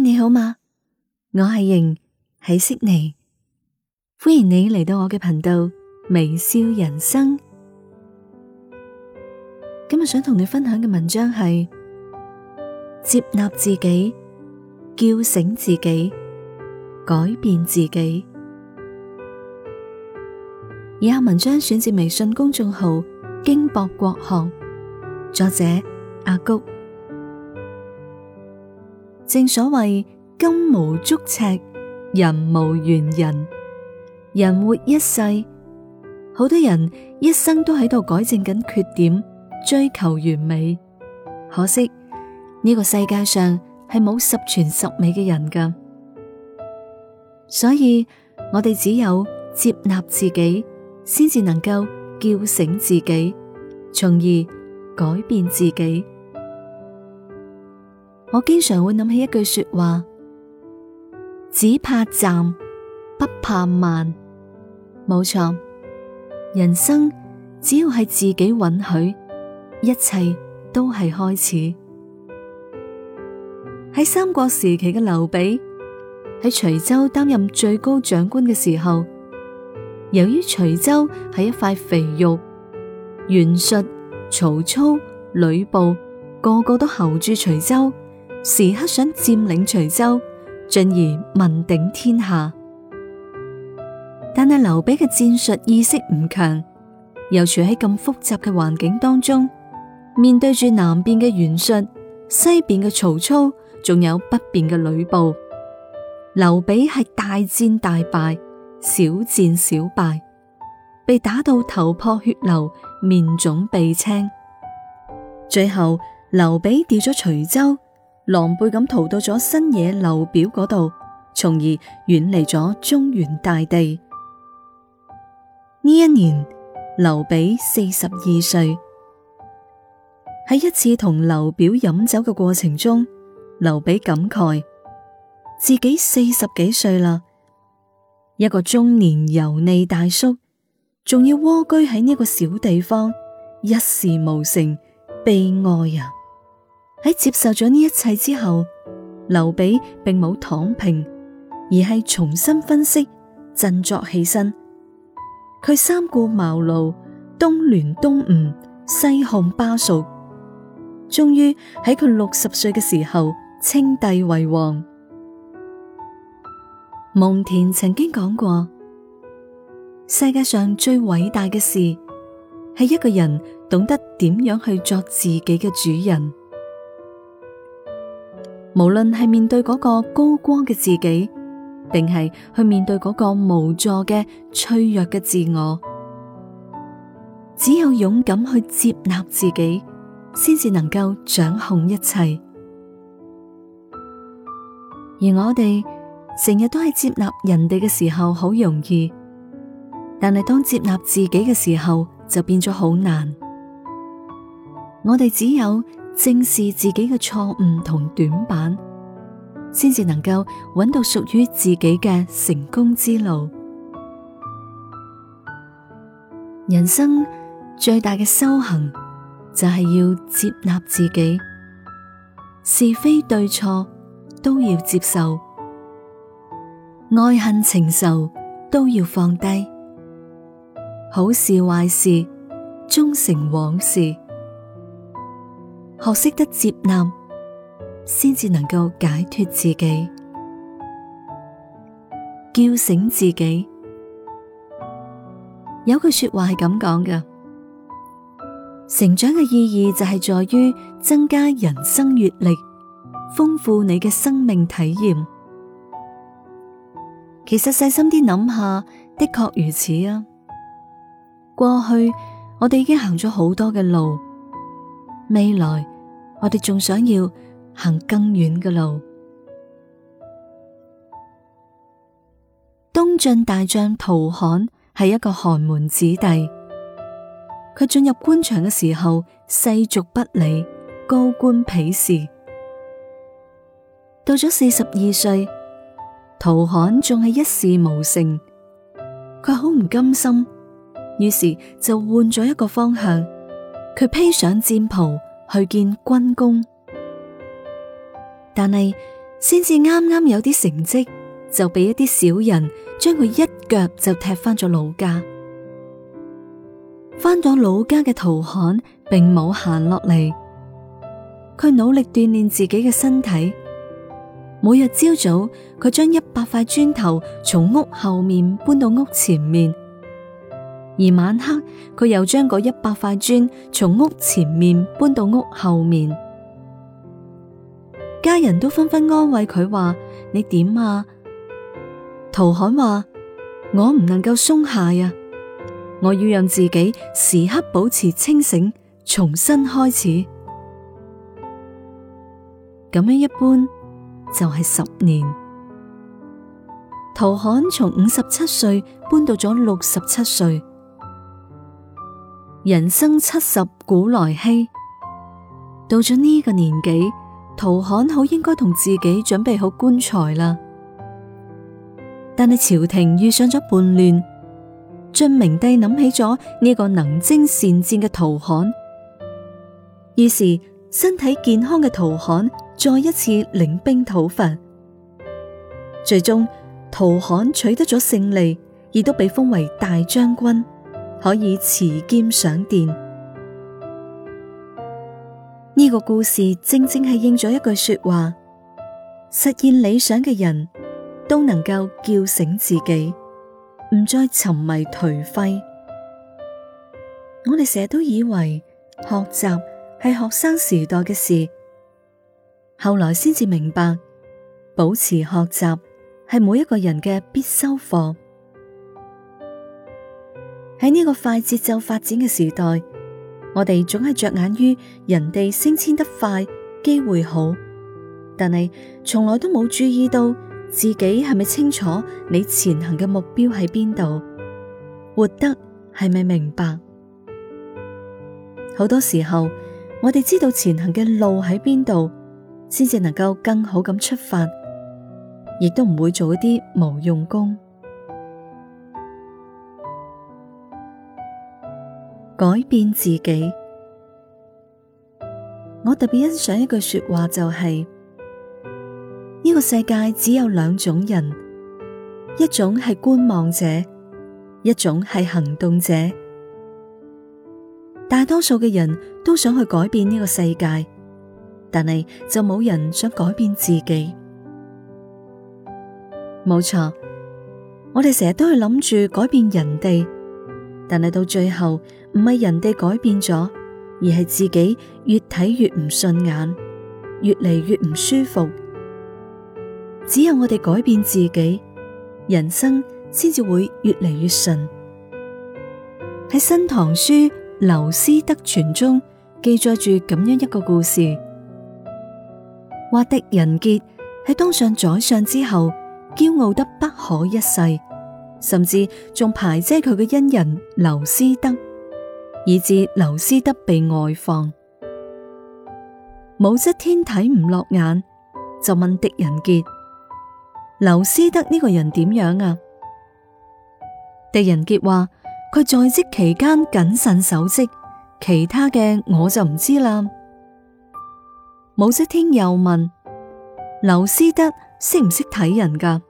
你好嗎？我係瑩喺悉尼，歡迎你嚟到我嘅頻道微笑人生。今日想同你分享嘅文章係接納自己、叫醒自己、改變自己。以下文章選自微信公眾號京博國學，作者阿谷。正所謂金無足赤，人無完人。人活一世，好多人一生都喺度改正緊缺點，追求完美。可惜呢個世界上係冇十全十美嘅人噶，所以我哋只有接納自己，先至能夠叫醒自己，從而改變自己。我經常會諗起一句說話，只怕站，不怕慢。冇錯，人生只要係自己允許，一切都係開始。喺三國時期嘅劉備喺徐州擔任最高長官嘅時候，由於徐州係一塊肥肉，袁術、曹操、呂布個個都睺住徐州。時刻想佔領徐州，進而問鼎天下。但係，劉備嘅戰術意識唔強，又處喺咁複雜嘅環境當中，面對住南邊嘅袁術、西邊嘅曹操，仲有北邊嘅呂布，劉備係大戰大敗，小戰小敗，被打到頭破血流，面腫鼻青。最後，劉備掉咗徐州。狼狽咁逃到咗新野劉表嗰度，從而遠離咗中原大地。呢一年，劉備四十二歲。喺一次同劉表飲酒嘅過程中，劉備感慨自己四十幾歲啦，一個中年油膩大叔，仲要蝸居喺呢個小地方，一事無成，悲哀啊！喺接受咗呢一切之後，劉備並冇躺平，而係重新分析，振作起身。佢三顧茅廬，東聯東吳，西控巴蜀，終於喺佢六十歲嘅時候稱帝為王。蒙田曾經講過：世界上最偉大嘅事係一個人懂得點樣去作自己嘅主人。無論係面對嗰個高光嘅自己，定係去面對嗰個無助嘅脆弱嘅自我，只有勇敢去接納自己，先至能夠掌控一切。而我哋成日都係接納人哋嘅時候好容易，但係當接納自己嘅時候就變咗好難。我哋只有。正視自己嘅錯誤同短板，先至能夠揾到屬於自己嘅成功之路。人生最大嘅修行就係要接納自己，是非對錯都要接受，愛恨情仇都要放低，好事壞事，終成往事。學識得接納，先至能夠解脫自己，叫醒自己。有句說話係咁講㗎：成長嘅意義就係在於增加人生閱歷，豐富你嘅生命體驗。其實細心啲諗下，的確如此啊。過去我哋已經行咗好多嘅路，未來。我哋仲想要行更遠嘅路。東晉大將陶侃係一個寒門子弟，佢進入官場嘅時候，世俗不理，高官鄙視。到咗四十二歲，陶侃仲係一事無成，佢好唔甘心，於是就換咗一個方向，佢披上戰袍。去見軍功，但係先至啱啱有啲成績，就俾一啲小人將佢一腳就踢翻咗老家。翻咗老家嘅陶侃並冇閒落嚟，佢努力鍛煉自己嘅身體。每日朝早，佢將一百塊磚頭從屋後面搬到屋前面。而晚黑，佢又將嗰一百塊磚從屋前面搬到屋後面。家人都紛紛安慰佢話：你點啊？陶漢話：我唔能夠鬆懈啊！我要讓自己時刻保持清醒，重新開始。咁樣一搬就係十年。陶漢從五十七歲搬到咗六十七歲。人生七十古來稀，到咗呢個年紀，陶侃好應該同自己準備好棺材啦。但係朝廷遇上咗叛亂，晉明帝諗起咗呢個能征善戰嘅陶侃，於是身體健康嘅陶侃再一次領兵討伐，最終陶侃取得咗勝利，亦都被封為大將軍。可以持劍上殿，呢、這個故事正正係應咗一句說話：實現理想嘅人都能夠叫醒自己，唔再沉迷頹廢。我哋成日都以為學習係學生時代嘅事，後來先至明白，保持學習係每一個人嘅必修課。喺呢個快節奏發展嘅時代，我哋總係着眼於人哋升遷得快，機會好，但係從來都冇注意到自己係咪清楚你前行嘅目標喺邊度，活得係咪明白？好多時候，我哋知道前行嘅路喺邊度，先至能夠更好咁出發，亦都唔會做一啲無用功。改變自己，我特別欣賞一句說話，就是，就係呢個世界只有兩種人，一種係觀望者，一種係行動者。大多數嘅人都想去改變呢個世界，但係就冇人想改變自己。冇錯，我哋成日都去諗住改變人哋，但係到最後。唔係人哋改變咗，而係自己越睇越唔順眼，越嚟越唔舒服。只有我哋改變自己，人生先至會越嚟越順。喺《新唐書·劉師德傳》中記載住咁樣一個故事，話狄仁傑喺當上宰相之後，驕傲得不可一世，甚至仲排擠佢嘅恩人劉師德。以致婁師德被外放，武則天睇唔落眼，就問狄仁傑：婁師德呢個人點樣啊？狄仁傑話：佢在職期間謹慎守職，其他嘅我就唔知啦。武則天又問：婁師德識唔識睇人㗎？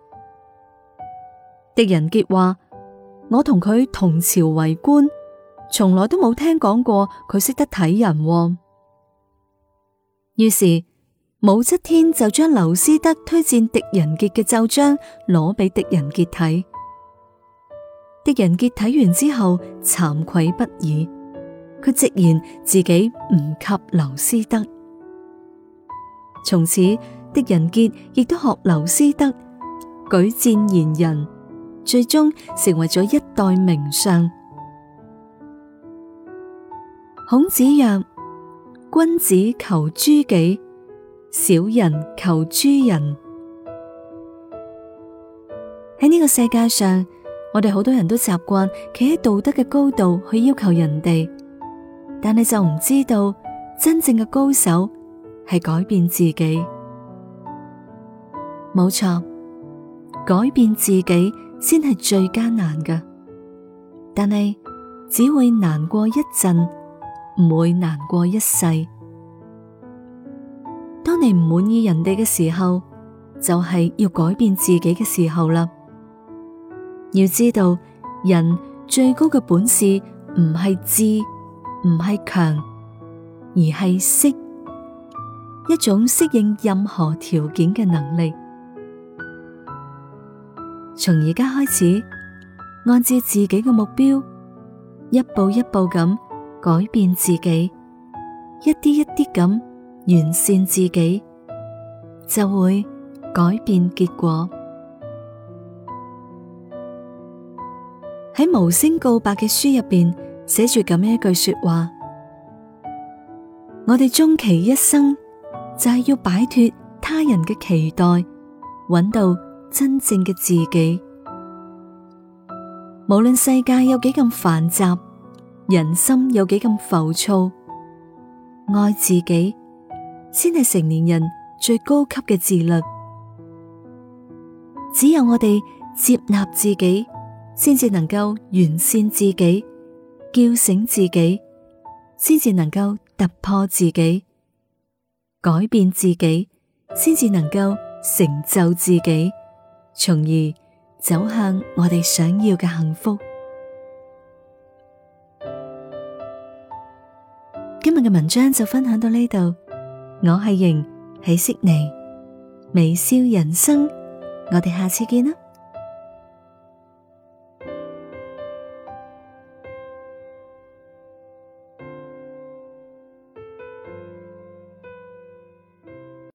狄仁傑話：我同佢同朝為官。從來都冇聽講過佢識得睇人，哦，於是武則天就將劉思德推薦狄仁傑嘅奏章攞俾狄仁傑睇。狄仁傑睇完之後，慚愧不已，佢直言自己唔及劉思德。從此，狄仁傑亦都學劉思德舉薦賢人，最終成為咗一代名相。孔子曰：君子求諸己，小人求諸人。喺呢個世界上，我哋好多人都習慣企喺道德嘅高度去要求人哋，但係就唔知道真正嘅高手係改變自己。冇錯，改變自己先係最艱難嘅，但係只會難過一陣。唔會難過一世。當你唔滿意人哋嘅時候，就係要改變自己嘅時候啦。要知道，人最高嘅本事唔係智，唔係強，而係適一種適應任何條件嘅能力。從而家開始，按照自己嘅目標，一步一步咁。改變自己，一啲一啲咁完善自己，就會改變結果。喺無聲告白嘅書入邊寫住咁樣一句說話：我哋終其一生就係要擺脫他人嘅期待，揾到真正嘅自己。無論世界有幾咁繁雜。人心有幾咁浮躁，愛自己先係成年人最高級嘅自律。只有我哋接納自己，先至能夠完善自己；叫醒自己，先至能夠突破自己；改變自己，先至能夠成就自己，從而走向我哋想要嘅幸福。今日嘅文章就分享到呢度，我係瑩，喜識你，微笑人生，我哋下次見啦。